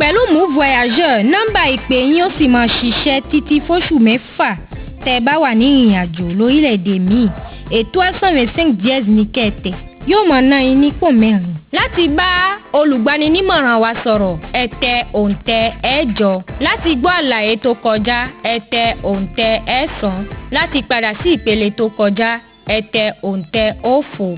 pẹ̀lú move voyageur nọ́mbà ìpè yín ó sì máa ṣiṣẹ́ títí fóṣù mẹ́fà tẹ́ ẹ bá wà ní ìrìn àjò lórílẹ̀‐èdè míì ètò ẹ̀sán racing diez ní kẹ̀tẹ̀ yóò mọ̀ ná yín nípò mẹ́rin. láti bá olùgbaninímọ̀ràn wa sọ̀rọ̀ ẹ tẹ òǹtẹ̀ ẹ̀jọ láti gbọ́ àlàyé tó kọjá ẹ tẹ òǹtẹ̀ ẹ̀sán láti padà sí ìpele tó kọjá ẹ tẹ òǹtẹ̀ òfo.